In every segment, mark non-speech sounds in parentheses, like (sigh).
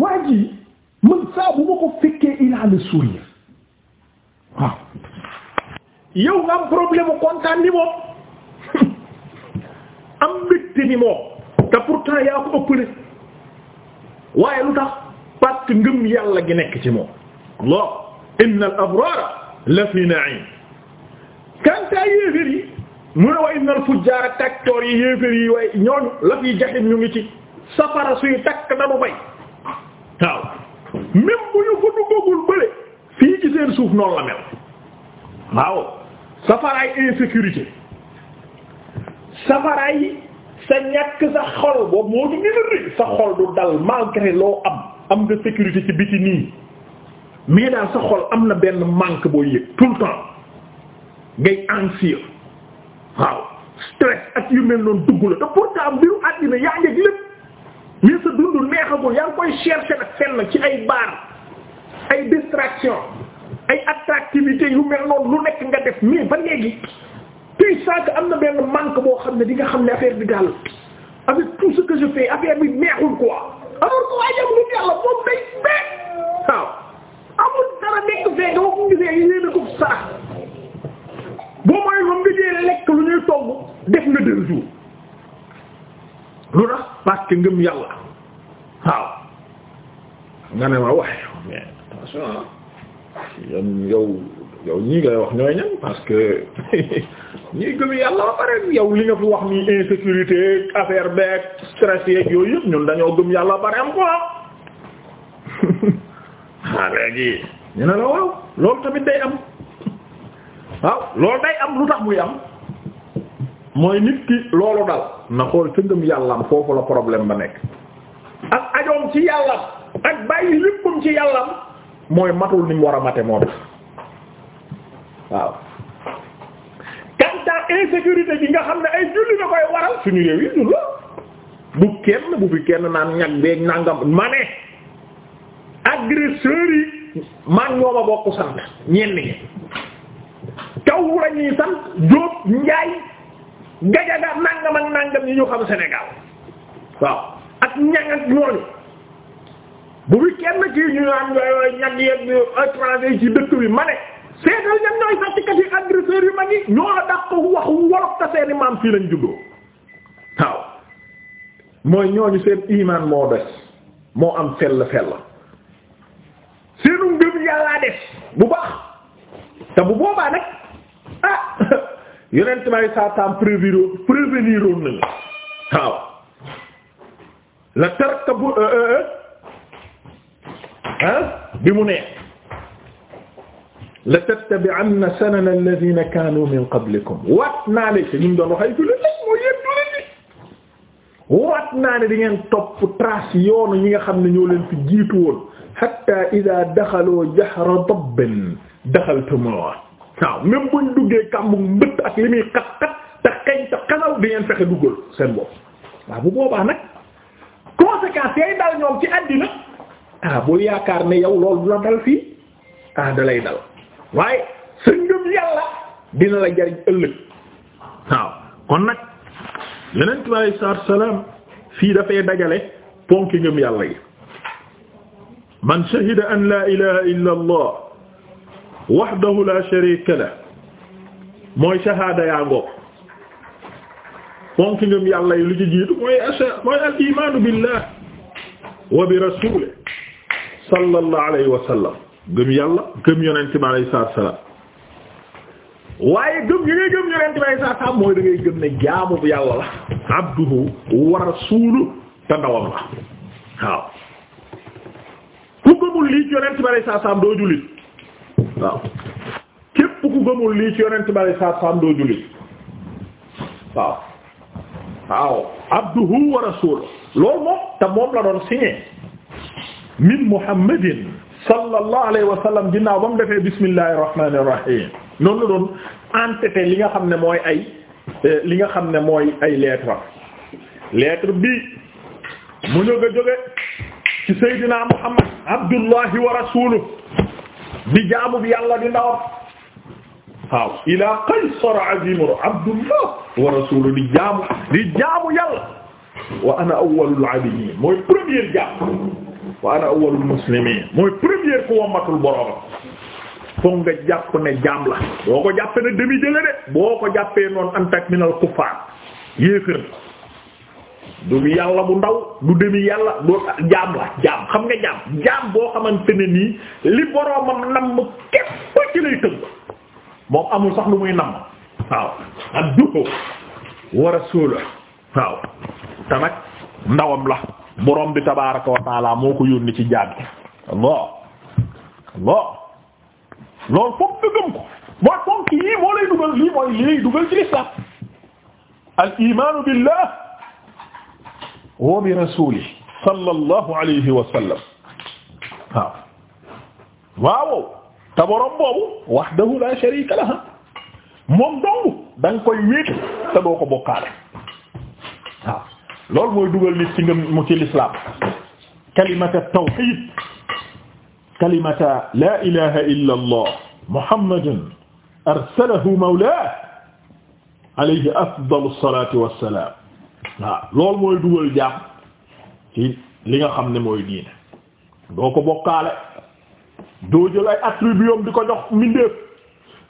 waa ji man saa bu ma ko fekkee il a le sourire waaw yow nga am problème ni moom (laughs) am mbégte ni moom te pourtant yaa ko ëppale lu tax parce que ngëm yàlla gi nekk ci moom Allah inna al la fi na'im kantaa yéefér yi mu ne wa inna al fujjaara taktoor yi yéefér yi la fi jaxim ñu ngi ci safara suy takk danu bay waaw même bu ñu ko duggagul bële fii ci seen suuf noonu la mel waaw safaraay insécurité safaraay sa ñàkk sa xol boobu moo du gën a rëy sa xol du dal malgré loo am am nga sécurité ci biti nii daal sa xol am na benn manque boo yëg tout le temps ngay anxieux waaw stress ak yu mel noonu dugg la te pourtant mbiru àddina yaa ngi lépp li sa dund neexagul yaa ngi koy chercher nag fenn ci ay baar ay distraction ay attractivité yu mel noonu lu nekk nga def mais ba léegi tey saaka am na benn manque boo xam ne di nga xam ne affaire bi daal avec tout ce que je fais affaire bi neexul quoi amul yàlla moom day béy waaw amul nekk fee nga ko gisee yéene ko sarax boo mooy moom nga jëlee lekk lu ñuy togg def na deux lu tax parce que ngëm yàlla waaw nga ne ma waaye mais attention yan yow yow ñii ngay wax ñooy ñan parce que (laughs) ñii gëm yàlla ba pare yow li nga fi wax nii insécurité affaire beeg stress yeeg yooyu yëpp ñun dañoo gëm yàlla ba pare am ko (laughs) ah léegi ñu ne la waaw loolu tamit day am waaw loolu day am lu tax muy am mooy nit ki loolu dal na xool ca ngëm yàllam foofu la problème ba nekk ak ajoom ci yàllam ak bàyyi léppam ci yàllam mooy matul ni war a mate moo tax waaw quant à insécurité bi nga xam ne ay julli da koy waral suñu réew yi dul bu kenn bu fi kenn naan ñag beeg nangam ma ne agresseurs yi man ñoo ma bokk sant ñenn ñi kaw lañuy sant Jóob Njaay gajaga nangam ak yi ñu xam Sénégal waaw ak ñaŋ ak ñooñu bu fi kenn ci ñu am yooyu ñaŋ yeeg étranger ci dëkk bi ma ne seetal ñan ñooy sàcckat yi agresseurs yu mag yi ñoo la dàq wax wolof ta seeni maam fii lañ juddoo waaw mooy ñooñu seen imaan moo des moo am fell fell seenu ngëm yàllaa des bu baax te bu boobaa nag ah (laughs) yonent may saasaam prévenir prévenir woon nañu waaw la tarkabu euh, euh, euh, bi mu ne la tattabi'anna sanana alladhina kanu min qablikum waat naa ne te ñu doon wax ay jullit lañ mooy yéen jullit ñi waat naa ne di ngeen topp trace yoonu ñi nga xam ne ñoo leen fi jiitu woon hatta idha dakhalu jahra dabbin dakhaltumuhu waaw même buñ duggee kàmbu mbëtt ak li muy xat-xat te xeeñ te xasaw di ngeen fexe duggal seen bopp waaw bu boobaa nag conséquences yay dal ñoom ci àddina ah bul yaakaar ne yow loolu du la dal fii ah da lay dal waaye sa ngëm yàlla dina la jariñ ëllëg waaw kon nag yeneen bi alei salaam fii dafay dajale ponki ngëm yàlla yi man shahida an la ilaha illa allah wahdahu la sharika la mooy shahaada yaa ngoog ponk ngëm yàlla yi lu ci jiitu mooy asha mooy al imaanu waaye gëm yi ngay gëm yonent bi alayhi salaam mooy da gëm ne jaamu bu yàlla la abduhu wa rasuuluhu te ndawam la waaw ku gëmul lii yonent bi alayhi salaam doo jullit waaw képp ku gëmul lii ci yonent bari saa saam doo jullit waaw waaw abduhu wa rasuluhu loolu moom te moom la doon si signé min muhammadin sallallahu alayhi wa sallam ginnaaw ba mu defee bismillahir rahmanir rahim noonu la doon entêté li nga xam ne mooy ay li nga xam ne mooy ay lettre lettre bi mu jóge jóge ci seydina muhammad abdullahi wa rasuluhu di jaamu bi yàlla di ndawam waaw ila qaysar azimur abdullah wa rasulu di jaamu di jaamu yàlla wa ana awwalul mooy premier jaam wa ana awwalul mooy premier ku wammatul boroomam foog nga jàpp ne la boo ko jàppee ne demi jële de boo ko jàppee noonu a minal kuffar yéefir du yàlla bu ndaw du demi yàlla du jaam la jaam xam nga jaam jaam boo xamante ne nii li boroomam nam képp ci lay tënk moom amul sax lu muy nam waaw abduhu wa rasuluhu waaw te ndawam la borom bi tabaaraka wa taala moo ko yónni ci jaam yi Allah Allah loolu foog ko mooy ponk yii moo lay dugal lii mooy lii dugal ci islam al imaanu billah wa bi rasulih sallallahu alayhi wa sallam waaw waaw te borom boobu wahdahu la sharika lahu moom dong da nga koy wéetu te doo ko bokkaale waaw loolu mooy dugal nit ci ngëm mu ci l'islam kalimata tawhid kalimata la ilaha illa allah muhammadun arsalahu mawlaahu alayhi afdalu salatu wassalam waaw loolu mooy dugal jàpp ci li nga xam ne mooy diine doo ko bokkaale doo jël ay attributs di ko jox mbindeef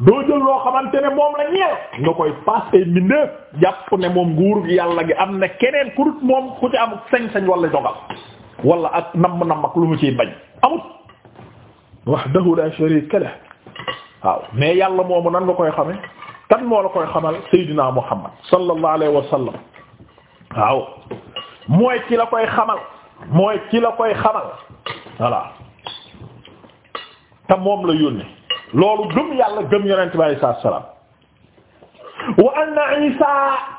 doo jël loo xamante ne moom la ñeel nga koy paas ay mbindeef jàpp ne moom nguur gi yàlla gi am na keneen ku moom ku ci amut sañ-sañ wala dogal wala ak namm-namm ak lu mu ciy bañ amut wahdahu la sharika lah waaw mais yàlla moomu nan nga koy xame kan moo la koy xamal Seydina Muhammad sallallahu alayhi wa sallam waaw mooy ci la koy xamal mooy ci la koy xamal voilà te moom la yónni loolu gëm yàlla gëm yonent bi alayhi salaam wa anna Isa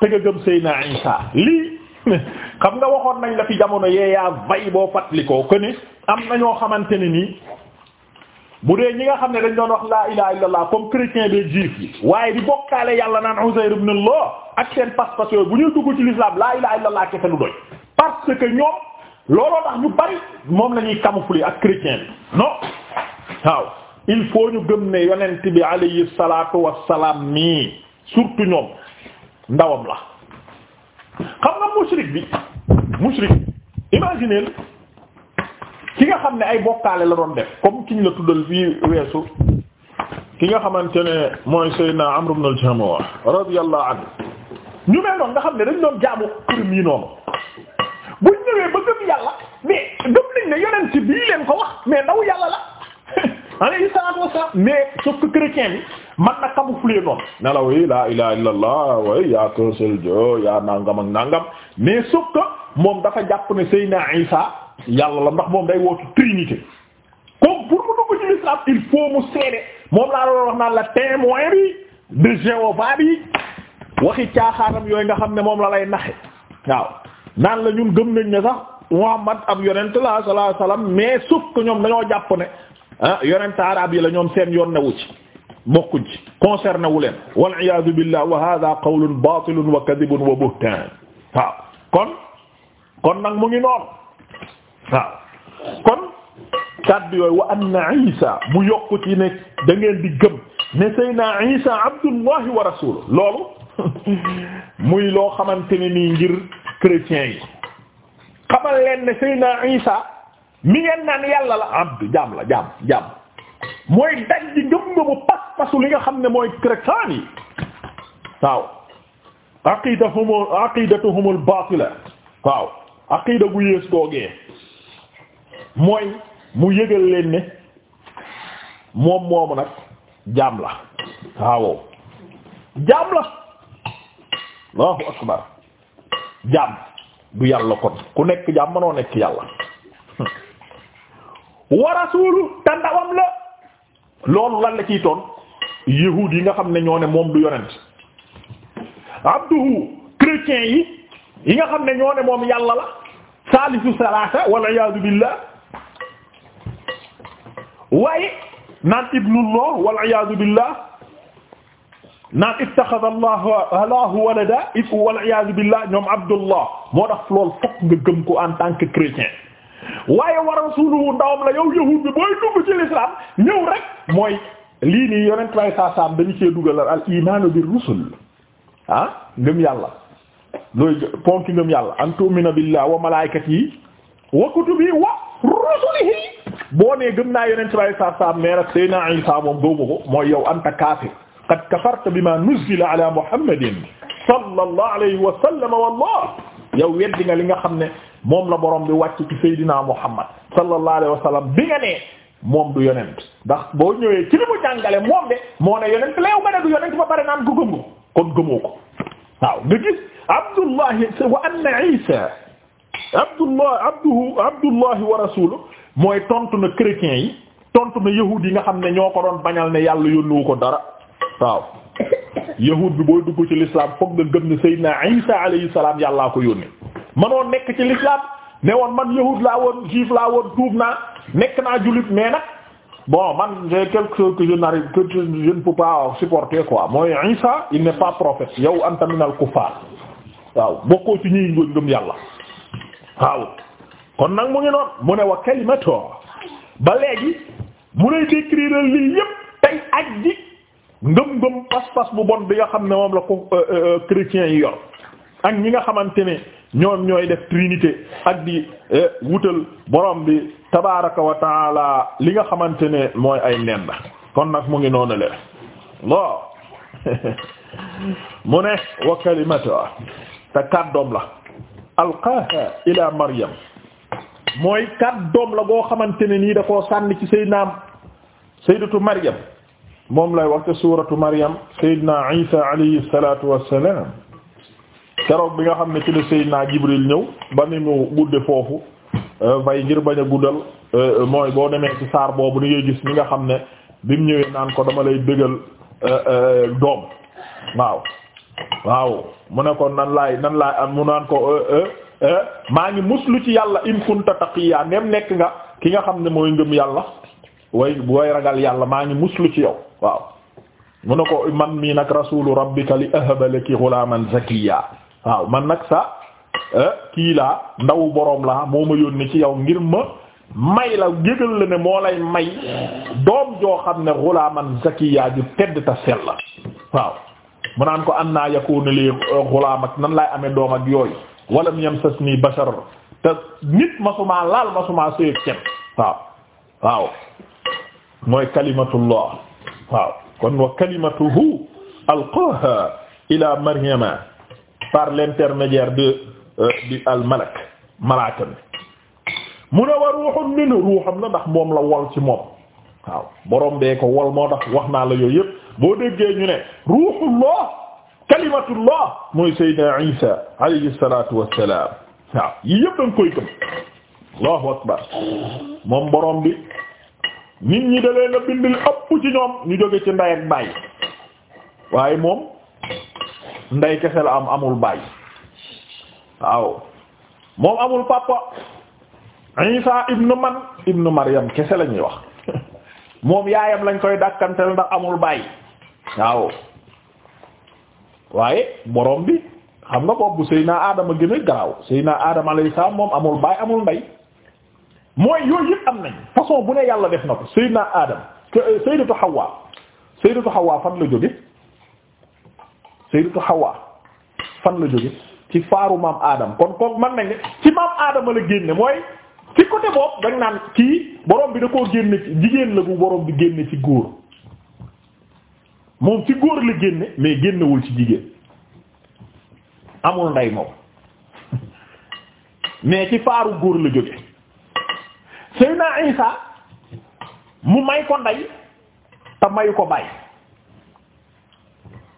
te nga gëm Seyna Isa lii (laughs) xam nga waxoon nañ la fi jamono yee yaa vay boo fàttalikoo ko ni am na ñoo xamante ne nii bu dee ñi nga xam ne dañ doon wax laa ilaha illallah comme chrétien bee juif yi waaye di bokkaale yàlla naan Uzayr ibn Allah ak seen pas-pas yooyu bu ñuy dugg ci l'islam laa ilaha illallah kese lu doy parce que ñoom looloo tax ñu bari moom la ñuy camoufler ak chrétien bi non waaw il faut ñu gëm ne yonent bi alayhi salaatu wassalaam mii surtout ñoom ndawam la xam nga mushrik bi mushrik imaginez ki nga xam ne ay bokkaale la doon def comme ki ñu la tuddal fii weesu nga xamante ne mooy Seydina Amr ibn al-Jamuh anhu ñu mel noonu nga xam ne dañ doon jaamu xërëm yi noonu bu ñëwee ba gëm yàlla mais gëm nañ ne yonent bii leen ko wax mais ndaw yàlla la (laughs) alayhi salaatu wassalaam mais sauf que bi man na camoufler noonu ne la laa ilaha illa allah way yaa kosel jo yaa nangam nangam mais sauf moom dafa jàpp ne Seydina Isa yàlla la ndax moom day wootu trinité comme pour mu dugg ci l'islam il faut mu seede moom laa loolu yooyu nga xam ne moom la lay naxe waaw naan la ñun gëm nañ ne sax Muhammad ab yonent la sallallahu alayhi wasallam mais sauf que ñoom dañoo jàpp ne ah yonent arab yi la ñoom seen yoon newu ci bokkuñ ci concerné wu leen wal iyaadu billah wa hadha qawlun batilun wa kadhibun wa buhtan waaw kon kon mu ngi noonu waaw kon kaddu yooyu wa anna isa mu yokkut yi ne dangeen di gëm ne sayna isa abdullahi wa rasuluh loolu (laughs) muy loo xamante ne nii ngir chrétiens yi xamal leen ne sayna isa mi ngeen naan yàlla la abdu jaam la jaam jaam mooy daj di ngëm ngëmu pas-pasu li nga xam ne mooy chrétien yi waaw aqidatuhum aqidatuhum al-batila waaw aqida gu yées googee mooy mu yëgal leen ne moom moomu nag jaam la waaw jaam la yàlla kon ku nekk jaam nekk yàlla (laughs) wa rasulu te loolu lan la ciy toon yahuud yi nga xam ne ñoo ne moom du yonent abduhu chrétien yi yi nga xam ne ñoo ne moom yàlla la salisu salata wal iyaadu billah waaye naan ibnullah wal iyaadu billah naan ittaxada allah laahu walada if wal iyaadu billah ñoom abdullah moo tax lool fokk nga gëm ko en tant que waaye wa rasuluhu ndawam la yow yahud bi booy dugg ci l'islam ñëw rek mooy lii nii yonent lay saasaam dañu cee dugalal al imaanu bir rusul ah ngëm yàlla looy ponk ngëm yàlla an tu'mina billah wa malaikatihi wa kutubihi wa rusulihi boo gën gëm naa yonent bi saa saa mais nag Seydina Isa moom doomu ko mooy yow anta kaafir qad kafarta bima nuzila ala muhammadin sallallahu alayhi wa sallam wallah yow weddi nga li nga xam ne moom la borom bi wàcc ci Seydina Muhammad sallallahu alayhi wa sallam bi moom du yonent ndax boo ñëwee ci li mu jàngale moom de moo ne yonent la yow nga ne du yonent ba pare naan ko gëm ko kon gëmoo ko waaw nga gis Abdullahi wa anna Isa Abdullahi wa rasuluhu mooy tontu na chrétien yi tontu na yahud yi nga xam ne ñoo ko doon bañal ne yàlla yónnuwu ko dara waaw yahud bi booy dugg ci lislaam foog nga gëm ne Seydina Isa alayhi salaam yàllaa ko yónni manoon nekk ci l'islam ne woon man yahud laa woon juif laa woon tuub naa nekk naa jullit mais nag bon man j'ai quelque chose que je n'arrive que je ne peux pas supporter quoi mooy Isa il n'est pas prophète yow anta minal kuffar waaw bokkoo ci ñuy ngëm yàlla waaw kon nag mu ngi noon mu ne wa kalimatu ba léegi mu lay décrire bu bon bi nga xam ne moom la ko euh, euh, euh, chrétiens yi yor ñi nga xamante ne ñoom ñooy def trinité ak di wutal borom bi tabaraka wa li nga xamante ne mooy ay nen kon nag mu ngi noonu le lo (laughs) mu ne wa kalimatu te kàddoom la alqaaha ila maryam mooy doom la goo xamante ne nii da koo sànni ci sayyidina sayyidatu Maryam moom lay wax ca suuratu Maryam sayyidina Isa alayhi salaatu wassalaam keroog bi nga xam ne ci la naa Jibril ñëw ba ni mu gudde foofu fay euh, ngir bañ a guddal euh, mooy boo demee ci saar boobu ni ngay gis ñi nga xam ne bi mu ñëwee naan ko dama lay dëggal euh, doom waaw waaw mu ne ko nan laay am mu naan ko Euh, maa ngi lu ci yàlla in kunta taqiya nem nekk nga ki nga xam ne mooy ngëm yàlla way booy ragal yàlla maa ngi muslu ci yow waaw mu ne ko man mii nag rasulu rabbika li ahaba laki ghulaman zakiya waaw man nag sa euh, kii laa ndaw boroom laa moo ma yónni ci yow ngir ma may la yëgal la ne moo lay may doom joo xam ne ghulaman zakiya ju tedd ta sell waaw mu naan ko an naa yakunu li euh, nan laay amee doom ak yooyu walam yamsasni bashar te nit masuma laal masuma séeg cet waaw waaw mooy kalimatullah waaw kon wa kalimatuhu alqaha ila maryama par l'intermédiaire de di al malak mu ne wa ruuxun minhu ruuxam la ndax moom la wol ci moom waaw borom bee ko wol moo tax wax naa la yooyu yëpp boo déggee ñu ne ruuxullah kalimatullah mooy Seydina Isa alayhi salaatu wassalaam waaw yii yëpp danga koy gëm allahu akbar moom borom bi nit ñi da leen a bind ëpp ci ñoom ñu jóge ci ndey ak baay waaye moom ndey kese la am amul baay waaw moom amul papa Isa ibnu man ibnu Maryam kese lañuy wax (laughs) moom yaayam lañ koy dàkkantel ndax amul baay waaw waaye borom bi xam nga boobu Seydina Adama gën a garaaw Seydina Adama alayhi salaam moom amul baay amul ndey mooy yooyu yëpp am nañ façon bu ne yàlla def na ko Seydina Adama euh, Sayyidatu Hawa la jóge Sayyidatu la jóge ci faaru maam Adama kon kon man nañ ne ci la génne mooy ci côté boobu dañ naan kii borom bi da koo génne ci jigéen la bu borom bi génne ci góor. moom ci góor la génne mais génnewul ci jigéen amul ndey moom (laughs) mais ci faaru góor la jóge Seydina Isa mu may ko ndey te mayu ko bàyyi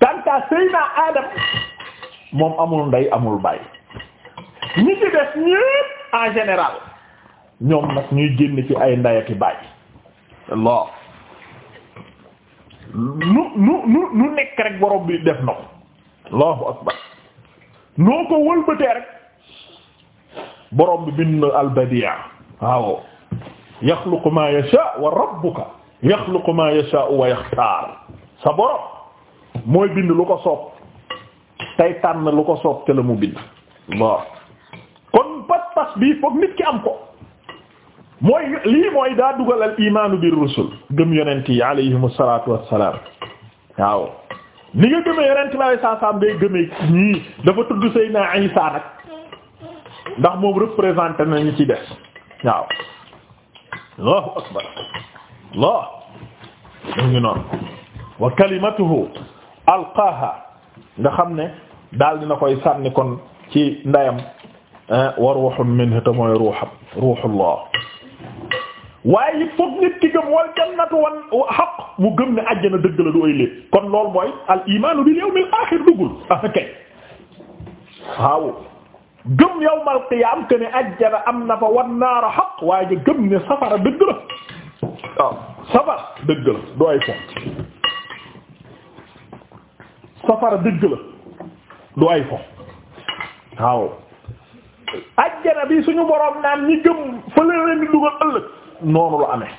kanta Seydina Adam moom amul ndey amul bàyyi ñi ci des ñépp en général ñoom nag ñuy génn ci ay ndey ak bàyyi Allah nu nu nu bi def na ko allahu akbar noo ko wëlbatee rek bi bind na albadiya waaw yaxluqu ma yasha wa rabbuka yaxluqu ma yasha wa sa borom mooy bind lu ko soob tey tànn lu ko soob te mu bind kon pas pas bii foog nit am ko mooy lii mooy daa dugal al imaanu bir rusul gëm yonent yi alayhimu salaatu wassalaam waaw ni nga gëmee yonent bi alayhi salaatu wassalaam day gëmee dafa tudd Seydina Isa nag ndax moom représenté nañu ci des waaw Allahu akbar Allah mu ngi noonu wa kalimatuhu alqaaha nga xam ne daal dina koy sànni kon ci ndeyam eh, wa ruuhun minhu te mooy ruuxam ruuxullah waaye it foog nit ki gëm wal jannatu wan dëgg la du ay lépp kon loolu mooy al imaanu bil yawmil aaxir duggul afakay (laughs) ah, gëm yawmal qiyaam que ne am na fa wan naara xaq waaye gëm ne safara dëgg la ah. safara dëgg du ay fo safara dëgg du ay fo waaw. ajjana bi suñu borom naan ñi gëm fële leen di dugal ëllëg noonu la amee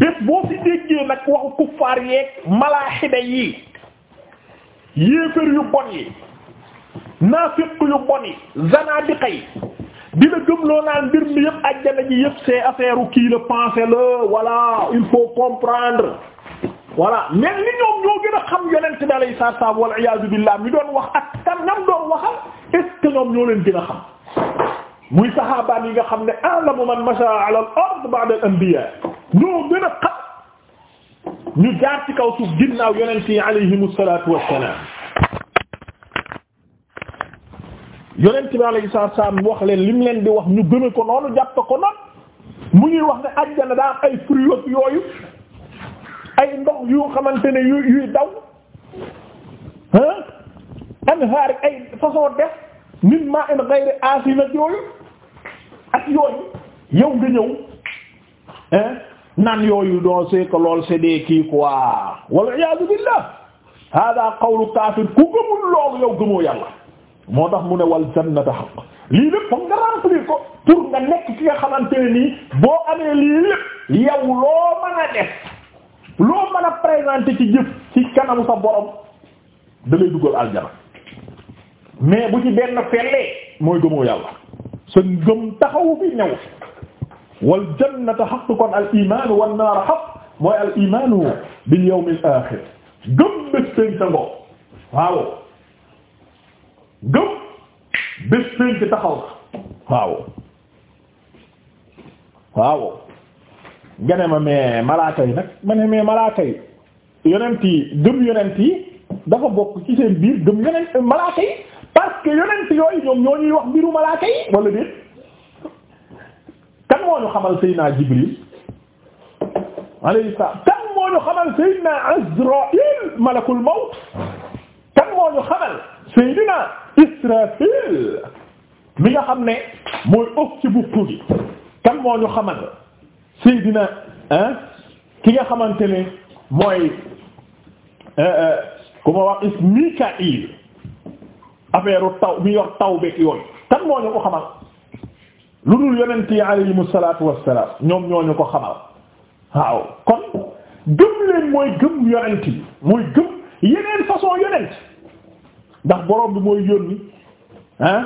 bés boo fi déggee nag waxu kuffaar yeeg malaaxida yi yéefér yu bon yi naafiq yu bon yi zanaadiqa yi di la loo naan mbir mi yëpp ajjana ji yëpp c'est affaire u kii la pensé la voilà il faut comprendre voilà mel ni ñoom ñoo gën a xam yonent bi alayhi salaatu wa wal iyaadu billaah mi doon wax ak kan nam doon waxal est-ce que ñoom ñoo xam muy saxaabaan yi nga xam ne a'lamu man masha ala al-ard ba'da al-anbiya ñoo gën xam ñu jaar ci kaw suuf ginnaaw yonent yi alayhimu salaatu wassalaam yonent bi alayhi salaatu wassalaam wax leen lim leen di wax ñu gëme ko noonu jàpp ko noonu mu ñuy wax ne àjjana daa ay fruits yooyu ay ndox yu xamante ne yu yuy daw ah. anhaar ay façon def min ma'in ghayri asin ak yooyu ak yooyu yow nga ñëw hein nan yooyu doo c'est que lool c'est des kii quoi wal iyaazu billah hada qawlu kaafir ku gëmul loolu yow gëmoo yàlla moo tax mu ne wal jannata haqq lii lépp pour nga nekk ki nga xamante ne nii boo amee lii lépp yow loo mën a def loo mën a présenter ci jëf ci kanamu sa borom da lay dugal mais bu ci benn fellee mooy gëmoo yàlla sa ngëm taxawu bi new wal jannata kon al iman wan naar xaq mooy al imanu bil yawmil axir gëm bés pénc sa ngoo waaw gëm bés pénc taxaw na waaw waaw nga ma mais malaaka yi nag ma mais malaaka yi yonent yi gëm yonent yi dafa bokk ci seen biir gëm yonent malaaka yi parce que yonent yooyu ñoom ñoo ñuy wax mbiru malaaka yi wala déet kan moo ñu xamal Seydina Jibril alayhi salaam kan moo ñu xamal Seydina Azraïl malakul mawt kan moo ñu xamal Seydina Israfil mi nga xam ne mooy ëpp ci buktu gi kan moo ñu xamal Seydina ah ki nga xamante ne mooy euh, euh, ku ma wax is Mikaïl affaire taw mi yor taw beeg yooyu kan moo ñu ko xamal lu dul yonent yi alayhimu salaatu wassalaam ñoom ñoo ñu ko xamal waaw kon gëm leen mooy gëm yonent yi mooy gëm yeneen façon yonent ndax borom bi mooy yónni ah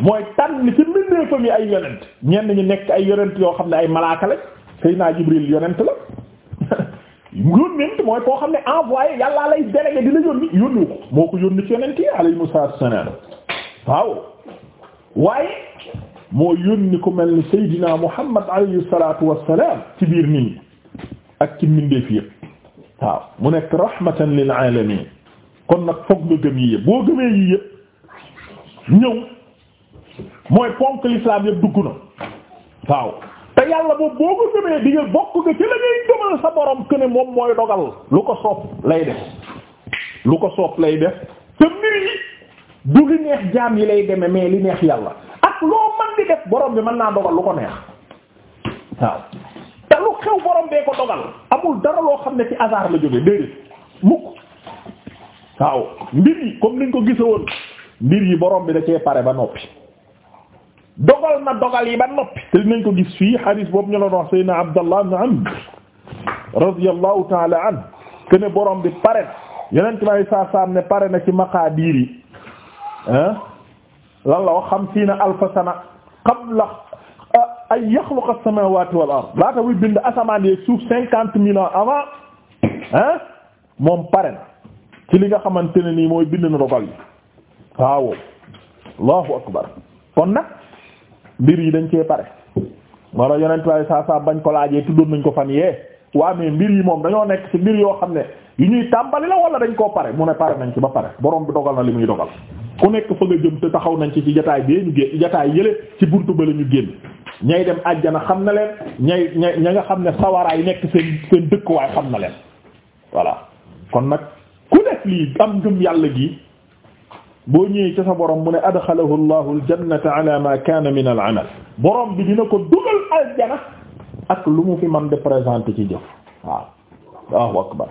mooy tànn ci mbindeefam yi ay yonent ñenn ñi nekk ay yonent yoo xam ne ay malaaka la Seydina Jibril yonent la yónnent mooy koo xam ne envoyé yàllaa lay délégué dina yónni yónni ko moo ko yónni ci yonent yi alayhimu salaam waaw waaye moo yónni ko mel ni mu Muhammad alayhi salaatu wassalaam ci biir nit ak ci mbindeef yëpp waaw mu nekk rahmatan lil aalamiin kon nag foog nga gëm yi yëpp boo mooy ponk l'islam yëpp dugg na waaw te yàlla boobu boo ko gëmee di nga bokk nga ci la ngay sa borom que moom mooy dogal lu ko soob lay def lu ko soob lay def te mbir yi du li neex jaam yi lay deme mais li neex yàlla ak loo man di def borom bi mën naa dogal lu ko neex waaw te lu xew borom bee ko dogal amul dara loo xam ne ci hasard la jóge déedéet mukk waaw mbir yi comme niñ ko gise woon mbir yi borom bi da cee pare ba noppi dogal na dogal yi ba noppi te dinañ ko gis fii hadis boobu ñu la wax Seydina Abdallah ibn Amr radiyallahu ta'ala anhu kene borom bi pare na yonent may saa ne pare na ci maqaadiir yi ah lan la wax xamsiina alfa sana qabla uh, an yaxluqa as-samaawaati ard laata muy bind asamaan yeeg suuf cinquante mille avant moom pare na ci li nga xamante ne nii mooy bind na dogal yi waaw Allahu akbar kon nag mbir yi dañ cee pare wala yonent waaye saa saa bañ ko laajee tuddoon nañ ko fan yee waa mais mbir yi moom dañoo nekk ci mbir yoo xam ne yu ñuy tàmbali la wala dañ koo pare mu ne pare nañ ci ba pare borom bi dogal na li muy dogal ku nekk fa a jëm te taxaw nañ ci ci jotaay bee ñu génn jataay yële ci buntu ba la ñu génn ñay dem àjjana xam na leen ñay ñay ña nga xam ne sawaraay nekk seen seen dëkkuwaay xam na leen voilà kon nag ku def lii am ngëm yàlla gi boo ñëwee ci sa borom mu ne adxalahu llahu aljannata ala ma kaana min al amal borom bi dina ko ak lu fi man de présenté ci jëf waaw allahu akbar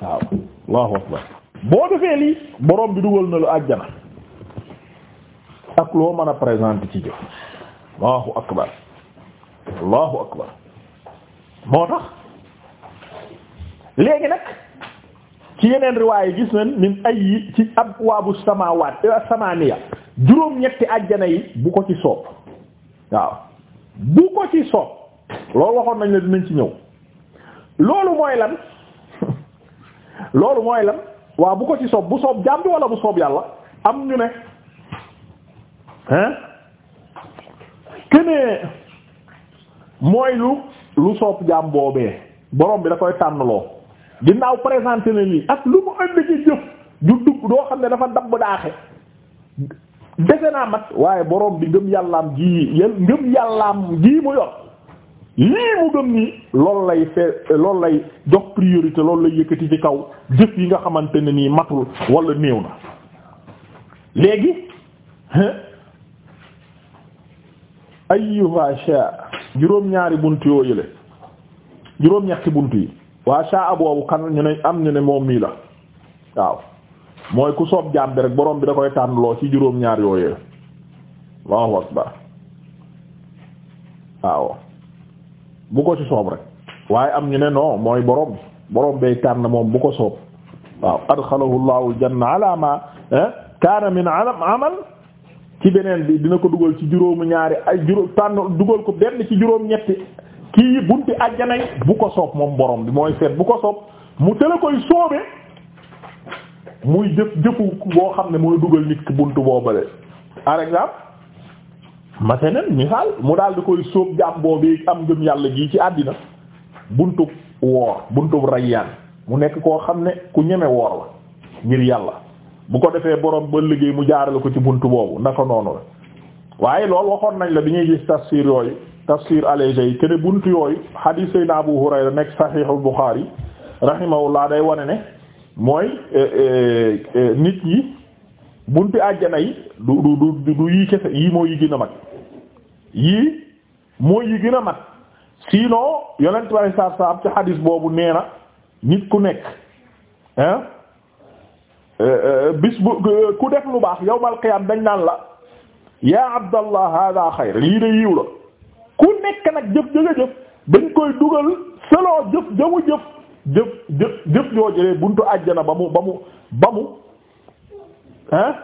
waaw allahu akbar boo defee lii borom bi dugal na lu aljana ak loo mën a présenté ci jëf allahu akbar allahu akbar moo tax léegi nag ci yeneen riwaay gis nañ min ay yi ci abwaabu samaawaat euh, samaniya juróom-ñetti àjjana yi bu ko ci soob waaw bu ko ci soob loolu waxoon nañ la dinañ ci ñëw loolu mooy lan (laughs) loolu mooy lan waa bu ko ci soob bu soob jaam bi wala bu soob yàlla am ñu ne hein kenee mooy lu soob jaam boobee borom bi da koy tànnloo ginnaaw présenté na lii ak lu mu ënd ci jëf ju dugg doo xam ne dafa dabb daaxe dese naa mat waaye borom bi ngëm yàllaam ji yel ngëm yàllaam ji mu yor lii mu gëm nii loolu lay fe loolu lay jox priorité loolu la yëkkati ci kaw jëf yi nga xamante ne nii matul walla néew na léegi ayyuha sha juróom-ñaari bunt yoo yële juróom-ñetti bunt yi waa shaa boobu kan ñu ne am ñu ne moom mii la waaw mooy ku soob jàmbi rek borom bi da koy tànnloo ci juróom ñaar yooyee Allahu akbar waaw bu ko ci soob rek waaye am ñu ne non mooy borom borom bay tànn moom bu ko soob waaw adxalahu llahu aljanna ala ma eh, kaana min amal ci beneen bi dina ko dugal ci juróomu ñaari ay juróom tànn dugal ko benn ci juróom ñetti kii bunti àjjanay bu ko soob moom boroom bi mooy seet bu ko soob mu tëla koy soobe muy jëf jëfu boo xam ne mooy dugal nit ki buntu boobale par exemple masalan misaal mu daal di koy sóob jàmm bi am ngëm yàlla gi ci àddina buntub woor buntub rayyaan mu nekk koo xam ne ku ñeme woor la ngir yàlla bu ko defee boroom ba liggéey mu jaarale ko ci bunt boobu naka noonu la waaye loolu waxoon nañ la bi ñuy gis tafsir yooyu tafsir allégé yi kene buntu yooyu hadith Seydina Abu Hurayra nekk Sahihul Bukhari rahimahullah day wane ne mooy eh, eh, eh, nit yi bunt àjjana yi du du du du yii kese yii moo yi gën a mag yii moo yi gën a mag sinon yonent bari saab saab ci hadith boobu nee na nit ku nekk bis bu ku def lu baax yawmal qiyaam dañ naan la yaa abdallah hada xayr lii de yiw la ku nekk nag jëf jëga jëf dañ koy dugal selon jëf jamu jëf jëf jëf jëf buntu àjjana ba mu ba mu ba mu hein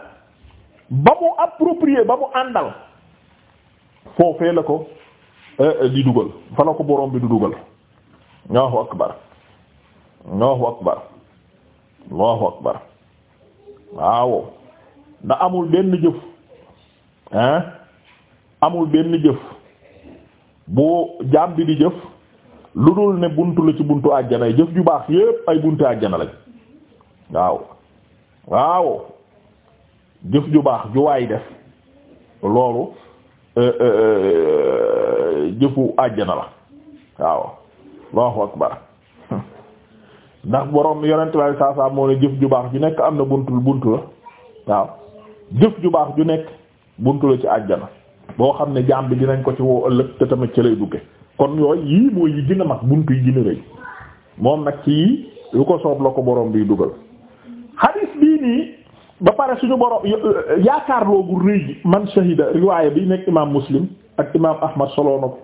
ba mu approprié ba mu àndal foofee la ko eh, eh, di dugal fa la ko boroom bi du dugal Allahu akbar Allahu akbar Allahu akbar waaw na amul benn jëf hein amul benn jëf bu jaam bi di jëf lu dul ne buntu la ci buntu àjjana jëf ju baax yépp ay buntu àjjana lañ waaw waaw jëf ju baax ju waay def loolu euh, euh, euh, jëfu àjjana la waaw Allahu akbar (laughs) ndax borom yonent lay saa saa moo ne jëf ju baax ju nekk am na buntu buntu la waaw jëf ju baax ju nekk buntu la ci àjjana boo xam ne jaam bi dinañ ko ci woo ëllëg te tamit ci lay dugge kon yooyu yii mooy yi gën mag buntu yi gën rëy moom nag ci lu ko soob la ko borom bi dugal hadith bii nii ba pare suñu borom yaakaar loogu rëy man shahida riwaaya bi nekk imaam muslim ak imaam ahmad soloo ko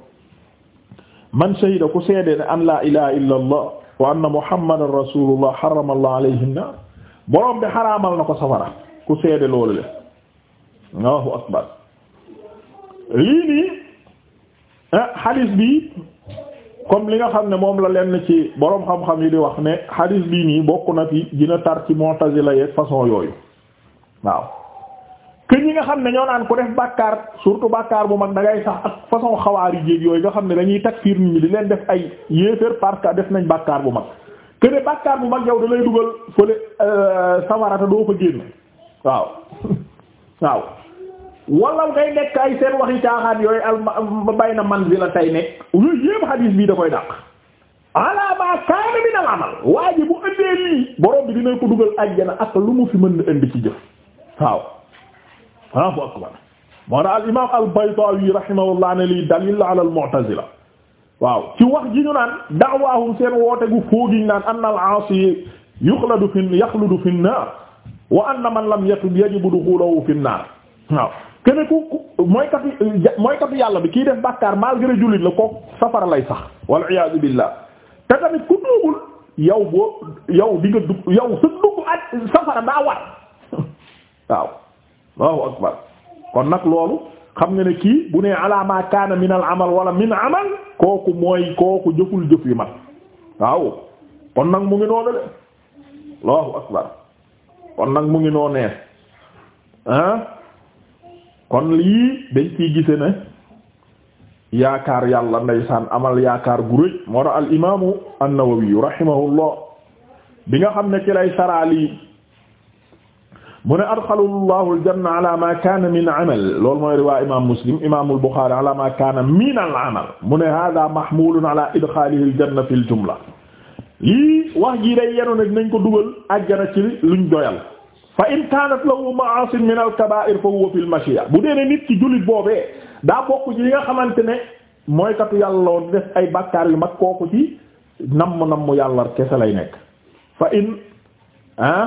man shahida ku seede ne an laa ilaha illa allah wa anna muhammadan rasulullah harrama allah alayhim naar bi xaraamal na ko safara ku seede loolu le allahu akbar lii nii ah, xadis bi comme li nga xam ne moom la lenn ci boroom xam-xam yi di wax ne xadis bii nii bokk na fi dina tar ci Mu'tazila yeeg façon yooyu waaw que ñi nga xam ne ñoo naan ku def bàkkaar surtout bàkkaar bu mag da ngay sax ak façon xawaar yi jéeg yooyu nga xam ne dañuy takfiir nit ñi di leen def ay yéeféer parce def nañ bàkkaar bu mag que ne bàkkaar bu mag yow da dugal fële euh, sawarata doo fa génn waaw (laughs) waaw wala ngay nekk ay seen waxi caaxaan yooyu al bay na nekk lu yépp xadiis bii da koy dàq ala ma kaana min al amal waa ji lii borom bi dina ko dugal ajjana ak lu mu fi mën na indi ci jëf waaw Allahu akbar moo na al imam al Baydawi rahimahullah ne lii dalil la ala al mu'tazila waaw ci wax ji ñu naan da'waahum seen woote gu naan anna al aasi yuxladu fi yaxludu fi nnaar wa man lam yatub yajibu fi nnaar waaw kene ku mooykatu mooykatu yàlla bi kii def bàkkaar malgré jullit la ko safara lay sax wal iyaadu billah te tamit ku tuubul yow boo yow di nga dugg yow sa dugg ak safara daa war (laughs) waaw Allahu akbar kon nag loolu xam nga ne kii bu nee ala kaana min al amal wala min amal kooku mooy kooku jëful jëf yu mat waaw kon nag mu ngi noonu de Allahu akbar kon nag mu ngi noonu nee ah kon lii dañ ciy gise ne yaakaar yàlla ndeysaan amal yaakaar gu rëy moo tax al imaamu bi nga xam ne ci lay saraalii mu ne adxalu llahu aljanna ala min amal loolu mooy riwaa imam Muslim imam al-Bukhari ala min al-amal hada mahmulun ala idxaalihi aljanna fi l lii wax jii day yenu ne dinañ ko dugal ajjana ci luñ doyal fa in kaanat lahu ma'asin min al-kabaa'ir fa huwa fil bu dee ne nit ci jullit boobee daa bokk ci nga xamante ne mooy katu yàlla woon def ay bakkaar yu mag kooku ci namm namm yàlla kese lay nekk fa in ah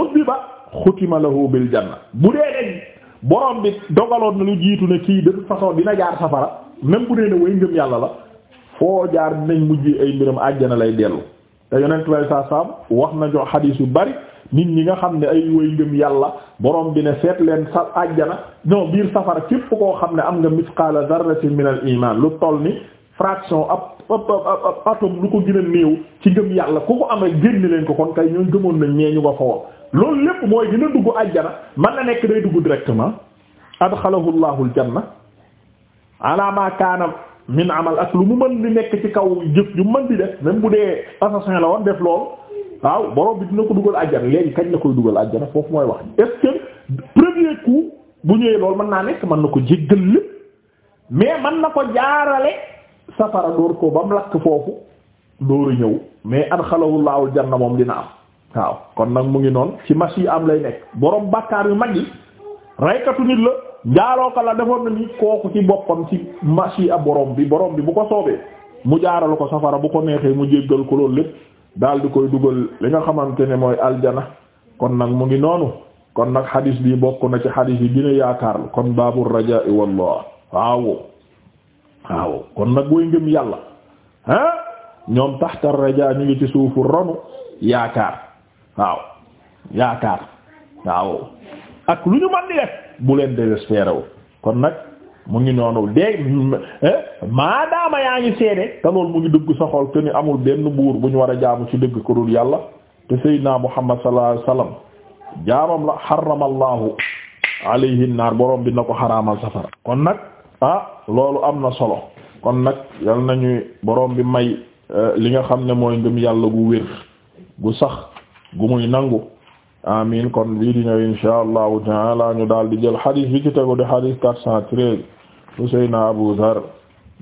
uddiba xutima lahu bil janna bu dee ne borom bi dogaloon na lu jiitu ne kii de toute façon dina jaar safara même bu dee ne way ngëm yàlla la foo jaar dinañ mujj ay mbiram àjjana lay dellu te yonent lay saa saam wax nañu xadiis yu bari nit ñi nga xam ne ay woy ngëm yàlla boroom bi ne seet leen sa àjjana non biir safara képp koo xam ne am nga misqaala darratin min al iman lu toll ni fraction ab ab ab atome lu ko gën a néew ci ngëm yàlla ku ko amee génn leen ko kon kay ñoo gëmoon nañ ñee ñu nga fa woon loolu lépp mooy a dugg àjjana man na nekk day dugg directement adxalahu llahu aljanna ala ma kaana min amal ak lu mu mën di nekk ci kaw jëf yu mën di def même bu dee assassin la woon waaw borom bi dina ko dugal àjjana léegi kañ la koy dugal àjjana foofu mooy wax est que premier coup bu ñëwee lool mën naa nekk mën na ko jéggal lépp mais mën na ko jaarale safara dóor ko ba mu lakk foofu dóoru ñëw mais laawul laahul na moom dina am waaw kon nag mu ngi noon ci mas yi am lay nekk borom bàkkaar yu mag yi raykatu nit la njaaloo ko la defoon na ni kooku ci boppam ci mas yi ab borom bi borom bi bu ko soobee mu jaaral ko safara bu ko neexee mu jéggal ko loolu lépp daal di koy dugal li nga xamante ne mooy aljana kon nag mu ngi noonu kon nag xadis bi bokk na ci xadis yi gën yaakaar yaakaar kon baabul rajaa wallah waaw waaw kon nag booy ngëm yàlla ah ñoom taxta rajaa ñu ngi ci suufu ronu yaakaar waaw yaakaar waaw ak lu ñu man di bu leen désespéré kon nag mu ngi noonu léegi eh, maadaama yaa ngi seede te loolu mu ngi dëgg sa te ni amul benn buur bu ñu war a jaamu ci dëgg ko dul yàlla te sayyidina muhammad sallallahu alayhi wasallam jaamam la xaramallahu alayhi naar borom bi na ko xaraamal safara kon nag ah loolu am na solo kon nag yal nañuy borom bi may eh, li nga xam ne mooy ngëm yàlla gu wér gu sax gu muy nangu amin kon bii di ñëw insha allahu taala ñu daal di jël hadis bi ci tegu di hadis quatre cent treize Useyna Abu Dharr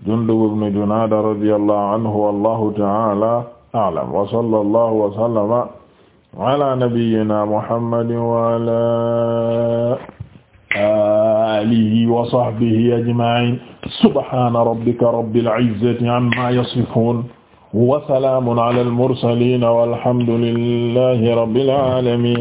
Jundub ibn Junaada radiyallahu anhu wallahu taala a'lam wa sallallahu wa sallama ala nabiyyina Muhammadin wa ala alihi wa sahbihi ajma'in subhana rabbika rabbil izzati amma yasifun wa salamun ala al mursalin walhamdulillahi rabbil alamin